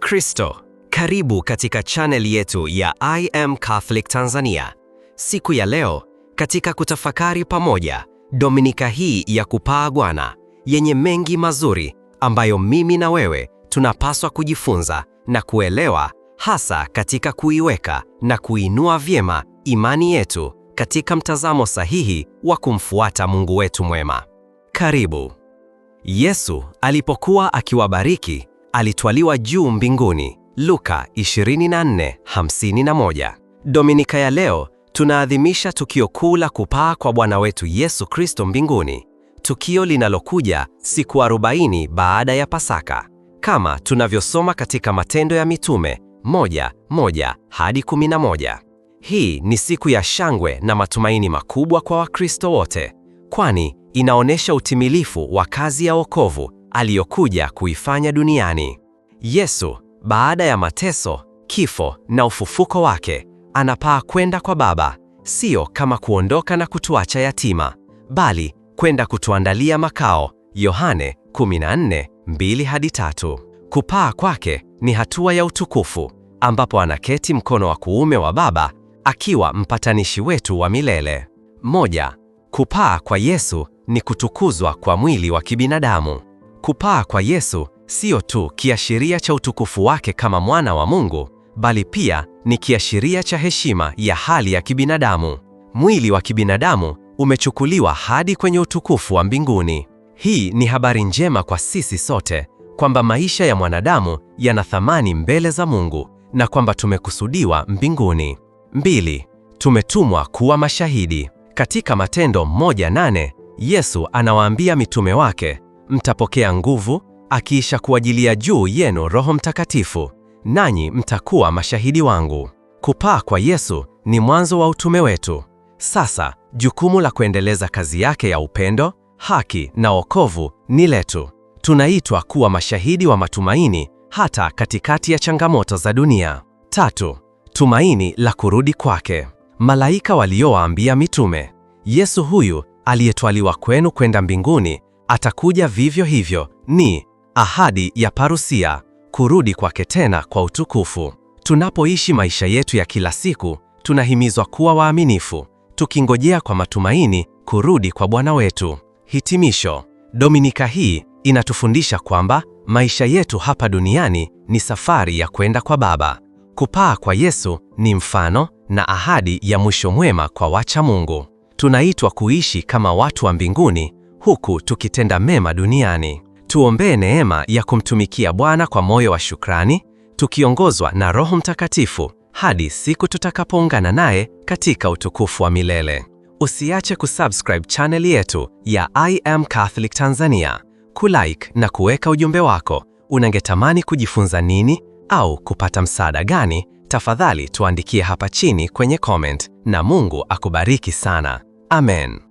Kristo, karibu katika channel yetu ya I Am Catholic Tanzania. Siku ya leo katika kutafakari pamoja Dominika hii ya kupaa gwana yenye mengi mazuri ambayo mimi na wewe tunapaswa kujifunza na kuelewa hasa katika kuiweka na kuinua vyema imani yetu katika mtazamo sahihi wa kumfuata Mungu wetu mwema. Karibu. Yesu alipokuwa akiwabariki, alitwaliwa juu mbinguni Luka 24:51. Dominika ya leo tunaadhimisha tukio kuu la kupaa kwa Bwana wetu Yesu Kristo mbinguni, tukio linalokuja siku 40 baada ya Pasaka, kama tunavyosoma katika Matendo ya Mitume 1:1 hadi 11. Hii ni siku ya shangwe na matumaini makubwa kwa Wakristo wote, kwani inaonyesha utimilifu wa kazi ya wokovu aliyokuja kuifanya duniani. Yesu, baada ya mateso, kifo na ufufuko wake, anapaa kwenda kwa Baba, sio kama kuondoka na kutuacha yatima, bali kwenda kutuandalia makao. Yohane 14:2 hadi 3. Kupaa kwake ni hatua ya utukufu ambapo anaketi mkono wa kuume wa Baba akiwa mpatanishi wetu wa milele. Moja, kupaa kwa Yesu ni kutukuzwa kwa mwili wa kibinadamu. Kupaa kwa Yesu sio tu kiashiria cha utukufu wake kama mwana wa Mungu, bali pia ni kiashiria cha heshima ya hali ya kibinadamu. Mwili wa kibinadamu umechukuliwa hadi kwenye utukufu wa mbinguni. Hii ni habari njema kwa sisi sote kwamba maisha ya mwanadamu yana thamani mbele za Mungu na kwamba tumekusudiwa mbinguni. Mbili, tumetumwa kuwa mashahidi. Katika Matendo moja nane, Yesu anawaambia mitume wake, mtapokea nguvu akiisha kuwajilia juu yenu Roho Mtakatifu, nanyi mtakuwa mashahidi wangu. Kupaa kwa Yesu ni mwanzo wa utume wetu. Sasa jukumu la kuendeleza kazi yake ya upendo, haki na wokovu ni letu. Tunaitwa kuwa mashahidi wa matumaini hata katikati ya changamoto za dunia. Tatu, tumaini la kurudi kwake. Malaika waliowaambia mitume, Yesu huyu aliyetwaliwa kwenu kwenda mbinguni atakuja vivyo hivyo, ni ahadi ya parusia, kurudi kwake tena kwa utukufu. Tunapoishi maisha yetu ya kila siku, tunahimizwa kuwa waaminifu, tukingojea kwa matumaini kurudi kwa Bwana wetu. Hitimisho, Dominika hii inatufundisha kwamba maisha yetu hapa duniani ni safari ya kwenda kwa Baba. Kupaa kwa Yesu ni mfano na ahadi ya mwisho mwema kwa wacha Mungu. Tunaitwa kuishi kama watu wa mbinguni huku tukitenda mema duniani. Tuombee neema ya kumtumikia Bwana kwa moyo wa shukrani, tukiongozwa na Roho Mtakatifu hadi siku tutakapoungana naye katika utukufu wa milele. Usiache kusubscribe channel yetu ya I Am Catholic Tanzania, kulike na kuweka ujumbe wako. Unangetamani kujifunza nini au kupata msaada gani? Tafadhali tuandikie hapa chini kwenye comment, na Mungu akubariki sana. Amen.